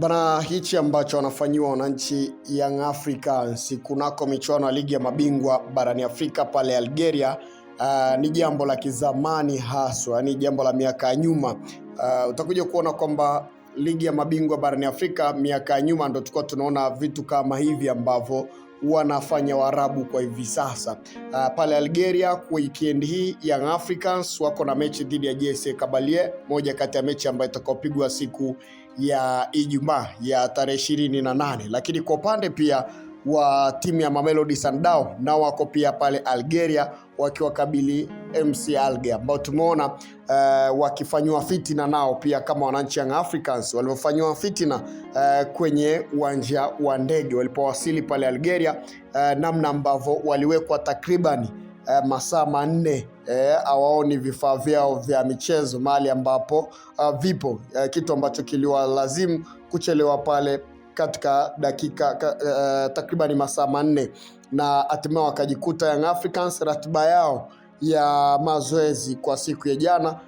Bana, hichi ambacho wanafanyiwa wananchi Young Africans kunako michuano ya ligi ya mabingwa barani Afrika pale Algeria, uh, ni jambo la kizamani haswa, ni jambo la miaka ya nyuma. Uh, utakuja kuona kwamba ligi ya mabingwa barani Afrika miaka ya nyuma ndo tulikuwa tunaona vitu kama hivi ambavyo wanafanya Waarabu kwa hivi sasa. Uh, pale Algeria weekend hii Young Africans wako na mechi dhidi ya JS Kabylie, moja kati ya mechi ambayo itakaopigwa siku ya Ijumaa ya tarehe ishirini na nane, lakini kwa upande pia wa timu ya Mamelodi Sundowns nao wako pia pale Algeria wakiwakabili MC Alger ambao tumeona uh, eh, wakifanyiwa fitina nao pia kama wananchi Young Africans walivyofanyiwa fitina uh, kwenye uwanja wa ndege walipowasili pale Algeria, uh, namna ambavyo waliwekwa takribani uh, masaa manne E, eh, awaoni vifaa vyao vya michezo mahali ambapo uh, vipo uh, kitu ambacho kiliwalazimu kuchelewa pale katika dakika ka, uh, eh, takribani masaa manne na hatimaye wakajikuta Young Africans ratiba yao ya mazoezi kwa siku ya jana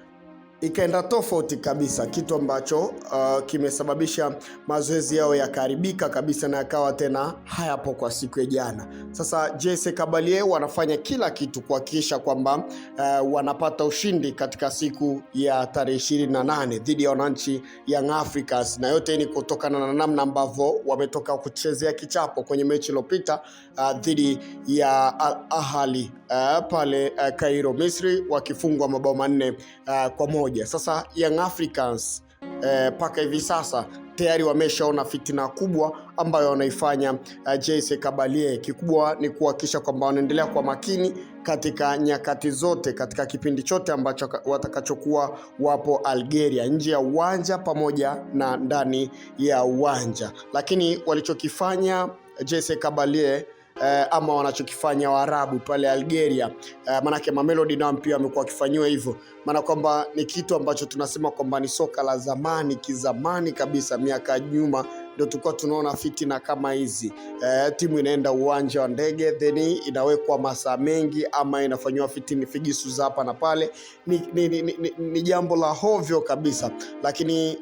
ikaenda tofauti kabisa, kitu ambacho uh, kimesababisha mazoezi yao yakaharibika kabisa na yakawa tena hayapo kwa siku ya jana. Sasa JS Kabalie wanafanya kila kitu kuhakikisha kwamba uh, wanapata ushindi katika siku ya tarehe 28 dhidi ya wananchi Young Africans, na yote ni kutokana na namna ambavyo wametoka kuchezea kichapo kwenye mechi iliyopita uh, dhidi ya Al Ahly uh, pale uh, Cairo, Misri wakifungwa mabao manne uh, kwa moja moja. Sasa Young Africans mpaka eh, hivi sasa tayari wameshaona fitina kubwa ambayo wanaifanya uh, eh, JS Kabalie. Kikubwa ni kuhakikisha kwamba wanaendelea kwa makini katika nyakati zote, katika kipindi chote ambacho watakachokuwa wapo Algeria, nje ya uwanja pamoja na ndani ya uwanja. Lakini walichokifanya Jesse Kabalie eh, ama wanachokifanya Waarabu pale Algeria eh, maanake Mamelodi nao pia wamekuwa wakifanyiwa hivyo, maana kwamba ni kitu ambacho tunasema kwamba ni soka la zamani, kizamani kabisa, miaka ya nyuma ndio tulikuwa tunaona fitina kama hizi eh, timu inaenda uwanja wa ndege then inawekwa masaa mengi ama inafanyiwa fitini figisu za hapa na pale. Ni, ni, ni, ni, ni jambo la hovyo kabisa, lakini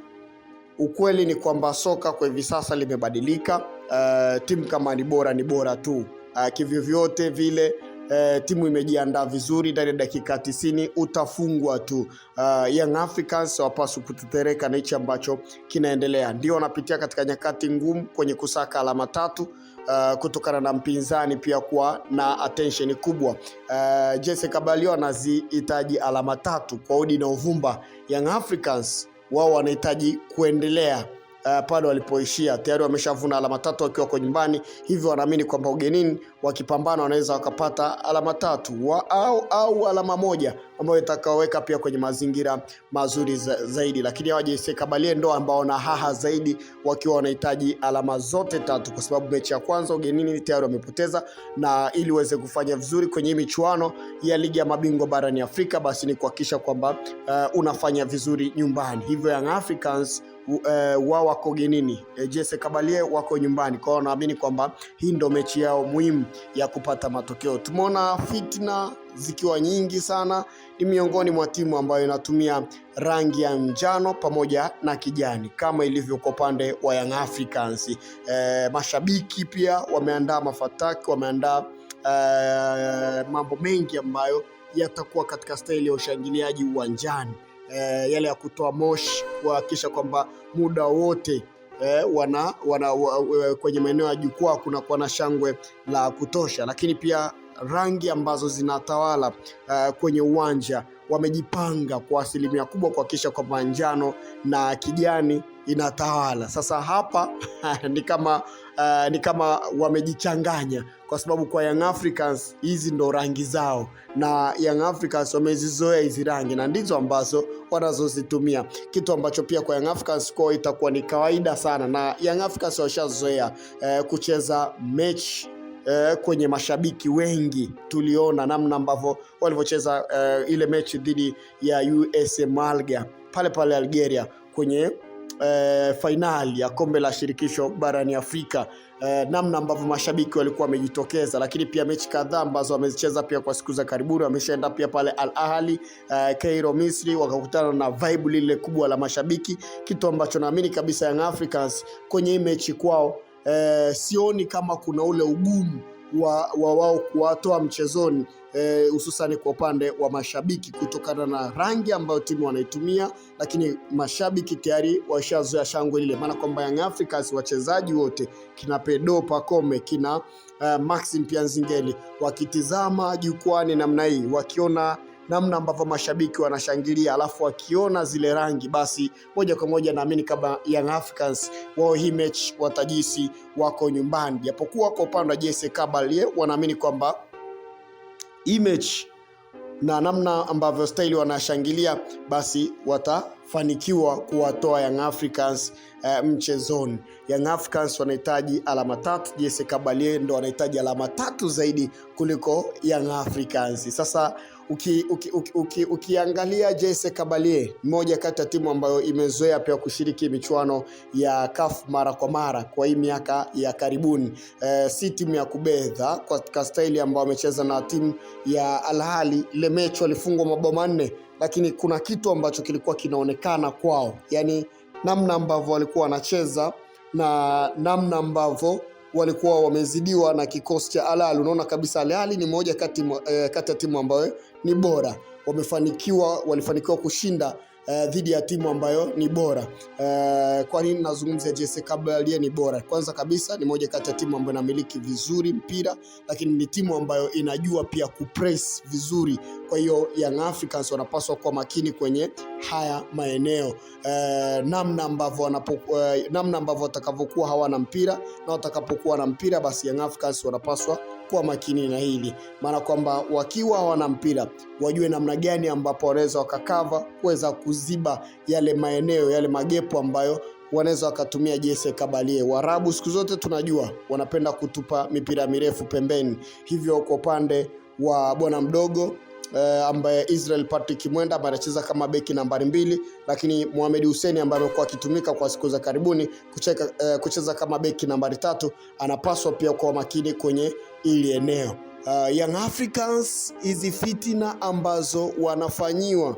ukweli ni kwamba soka kwa hivi sasa limebadilika. Uh, timu kama ni bora ni bora tu. Uh, eh, kivyovyote vile Uh, timu imejiandaa vizuri, ndani ya dakika tisini utafungwa tu. Uh, Young Africans wapaswi kutetereka na hichi ambacho kinaendelea. Ndio wanapitia katika nyakati ngumu kwenye kusaka alama tatu, uh, kutokana na mpinzani pia kuwa na attention kubwa. Uh, Jesse Kabalio anazihitaji alama tatu kwa udi na uvumba Young Africans wao wanahitaji kuendelea uh, pale walipoishia tayari wameshavuna alama tatu wakiwa kwa nyumbani, hivyo wanaamini kwamba ugenini wakipambana wanaweza wakapata alama tatu wa, au, au alama moja ambayo itakaoweka pia kwenye mazingira mazuri za, zaidi, lakini hawajasekabalie ndo ambao na haha zaidi wakiwa wanahitaji alama zote tatu, kwa sababu mechi ya kwanza ugenini tayari wamepoteza, na ili uweze kufanya vizuri kwenye michuano ya ligi ya mabingwa barani Afrika, basi ni kuhakikisha kwamba uh, unafanya vizuri nyumbani, hivyo Young Africans uh, eh, wao wako genini e, eh, Kabalie wako nyumbani kwao. Naamini kwamba hii ndo mechi yao muhimu ya kupata matokeo. Tumeona fitna zikiwa nyingi sana, ni miongoni mwa timu ambayo inatumia rangi ya njano pamoja na kijani kama ilivyo kwa upande wa Young Africans. E, mashabiki pia wameandaa mafataki, wameandaa e, mambo mengi ambayo yatakuwa katika staili ya ushangiliaji uwanjani eh, yale ya kutoa moshi kuhakikisha kwamba muda wote eh, wana, wana, wana, kwenye maeneo ya jukwaa kunakuwa na shangwe la kutosha, lakini pia rangi ambazo zinatawala uh, kwenye uwanja wamejipanga kwa asilimia kubwa kuhakikisha kwamba njano na kijani inatawala. Sasa hapa ni kama uh, ni kama wamejichanganya, kwa sababu kwa Young Africans hizi ndo rangi zao, na Young Africans wamezizoea hizi rangi na ndizo ambazo wanazozitumia, kitu ambacho pia kwa Young Africans kwa itakuwa ni kawaida sana, na Young Africans washazoea uh, kucheza mechi Eh, kwenye mashabiki wengi tuliona namna ambavyo walivyocheza eh, ile mechi dhidi ya USM Alger pale pale Algeria kwenye eh, fainali ya kombe la shirikisho barani Afrika eh, namna ambavyo mashabiki walikuwa wamejitokeza, lakini pia mechi kadhaa ambazo wamezicheza pia kwa siku za karibuni, wameshaenda pia pale Al ahli eh, Cairo Misri, wakakutana na vibe lile kubwa la mashabiki, kitu ambacho naamini kabisa Young Africans kwenye hii mechi kwao eh, sioni kama kuna ule ugumu wa, wa wa, kuwatoa mchezoni eh, hususani e, kwa upande wa mashabiki kutokana na rangi ambayo timu wanaitumia, lakini mashabiki tayari washazoea shangwe lile, maana kwamba Young Africans wachezaji wote kina Pedro Pacome kina uh, Maxim Pianzingeli wakitizama jukwani namna hii wakiona namna ambavyo mashabiki wanashangilia, alafu wakiona zile rangi, basi moja kwa moja naamini kama Young Africans wao hii mechi watajisi wako nyumbani, japokuwa kwa upande wa JS Kabylie wanaamini kwamba image na namna ambavyo staili wanashangilia basi watafanikiwa kuwatoa Young Africans eh, mchezoni. Young Africans wanahitaji alama tatu, JS Kabylie ndo wanahitaji alama tatu zaidi kuliko Young Africans. Sasa ukiangalia uki, uki, uki, ukiangalia Jesse Kabalie, mmoja kati ya timu ambayo imezoea pia kushiriki michuano ya CAF mara kwa mara kwa hii miaka ya karibuni e, si timu ya kubedha katika staili ambayo amecheza na timu ya Al Ahly. Ile mechi walifungwa mabao manne, lakini kuna kitu ambacho kilikuwa kinaonekana kwao, yani namna ambavyo walikuwa wanacheza na namna ambavyo walikuwa wamezidiwa na kikosi cha Alali. Unaona kabisa Alali ni moja kati, eh, kati ya timu ambayo ni bora, wamefanikiwa walifanikiwa kushinda eh, dhidi ya timu ambayo ni bora eh. Kwa nini nazungumzia JS Kabylie aliye ni bora? Kwanza kabisa ni moja kati ya timu ambayo inamiliki vizuri mpira, lakini ni timu ambayo inajua pia kupress vizuri. Kwa hiyo Young Africans wanapaswa kuwa makini kwenye haya maeneo e, namna ambavyo wanapoku, e, eh, namna ambavyo watakavyokuwa hawana mpira na watakapokuwa na mpira, basi Young Africans wanapaswa kuwa makini na hili, maana kwamba wakiwa hawana mpira wajue namna gani ambapo wanaweza wakakava kuweza kuziba yale maeneo yale magepo ambayo wanaweza wakatumia Jesse Kabalie. Waarabu siku zote tunajua wanapenda kutupa mipira mirefu pembeni, hivyo kwa upande wa bwana mdogo eh, ambaye Israel Patrick Mwenda ambaye anacheza kama beki nambari mbili, lakini Mohamed Hussein ambaye amekuwa akitumika kwa siku za karibuni kucheka, eh, kucheza kama beki nambari tatu anapaswa pia kuwa makini kwenye ili eneo. Uh, Young Africans hizi fitina ambazo wanafanyiwa,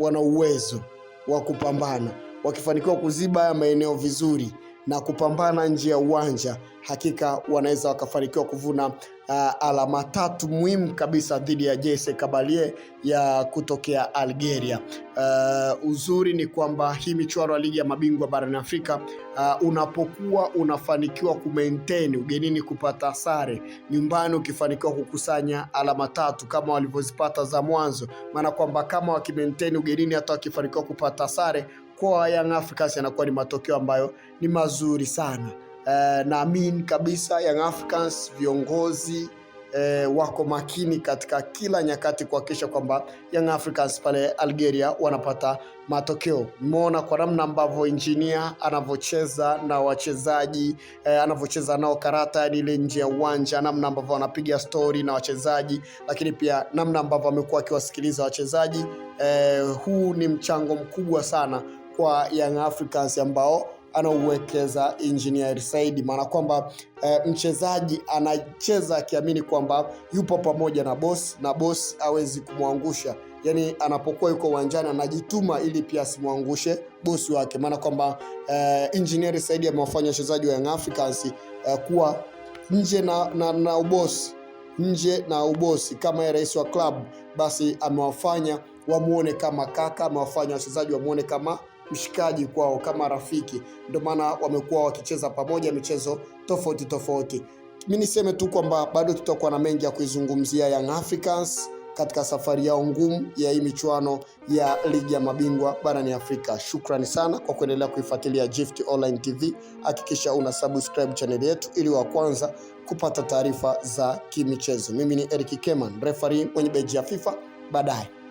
wana uwezo wa kupambana wakifanikiwa kuziba haya maeneo vizuri na kupambana nje ya uwanja, hakika wanaweza wakafanikiwa kuvuna uh, alama tatu muhimu kabisa dhidi ya Jesse Kabalie ya kutokea Algeria. Uh, uzuri ni kwamba hii michuano ya ligi ya mabingwa barani Afrika uh, unapokuwa unafanikiwa kumaintain ugenini kupata sare, nyumbani ukifanikiwa kukusanya alama tatu kama walivyozipata za mwanzo, maana kwamba kama wakimaintain ugenini hata wakifanikiwa kupata sare kwa Young Africans yanakuwa ni matokeo ambayo ni mazuri sana. Eh, naamini kabisa Young Africans viongozi eh, wako makini katika kila nyakati kuhakikisha kwamba Young Africans pale Algeria wanapata matokeo. Mmeona kwa namna ambavyo injinia anavyocheza na wachezaji eh, anavyocheza nao karata, yani ile nje ya uwanja, namna ambavyo anapiga stori na wachezaji, lakini pia namna ambavyo amekuwa akiwasikiliza wachezaji eh, huu ni mchango mkubwa sana kwa Young Africans ambao anauwekeza Engineer Saidi, maana kwamba e, mchezaji anacheza akiamini kwamba yupo pamoja na boss na boss hawezi kumwangusha yani anapokuwa yuko uwanjani anajituma ili pia asimwangushe bosi wake, maana kwamba eh, Engineer Saidi amewafanya wachezaji wa Young Africans eh, kuwa nje na, na, na ubosi nje na ubosi kama yeye rais wa klabu, basi amewafanya wamuone kama kaka, amewafanya wachezaji wamuone kama mshikaji kwao kama rafiki, ndio maana wamekuwa wakicheza pamoja michezo tofauti tofauti. Mi niseme tu kwamba bado tutakuwa na mengi ya kuizungumzia Young Africans katika safari yao ngumu ya hii michuano ya ligi ya mabingwa barani Afrika. Shukrani sana kwa kuendelea kuifuatilia Gift Online TV. Hakikisha una subscribe channel yetu ili wa kwanza kupata taarifa za kimichezo. Mimi ni Eric Keman, referee mwenye beji ya FIFA. Baadaye.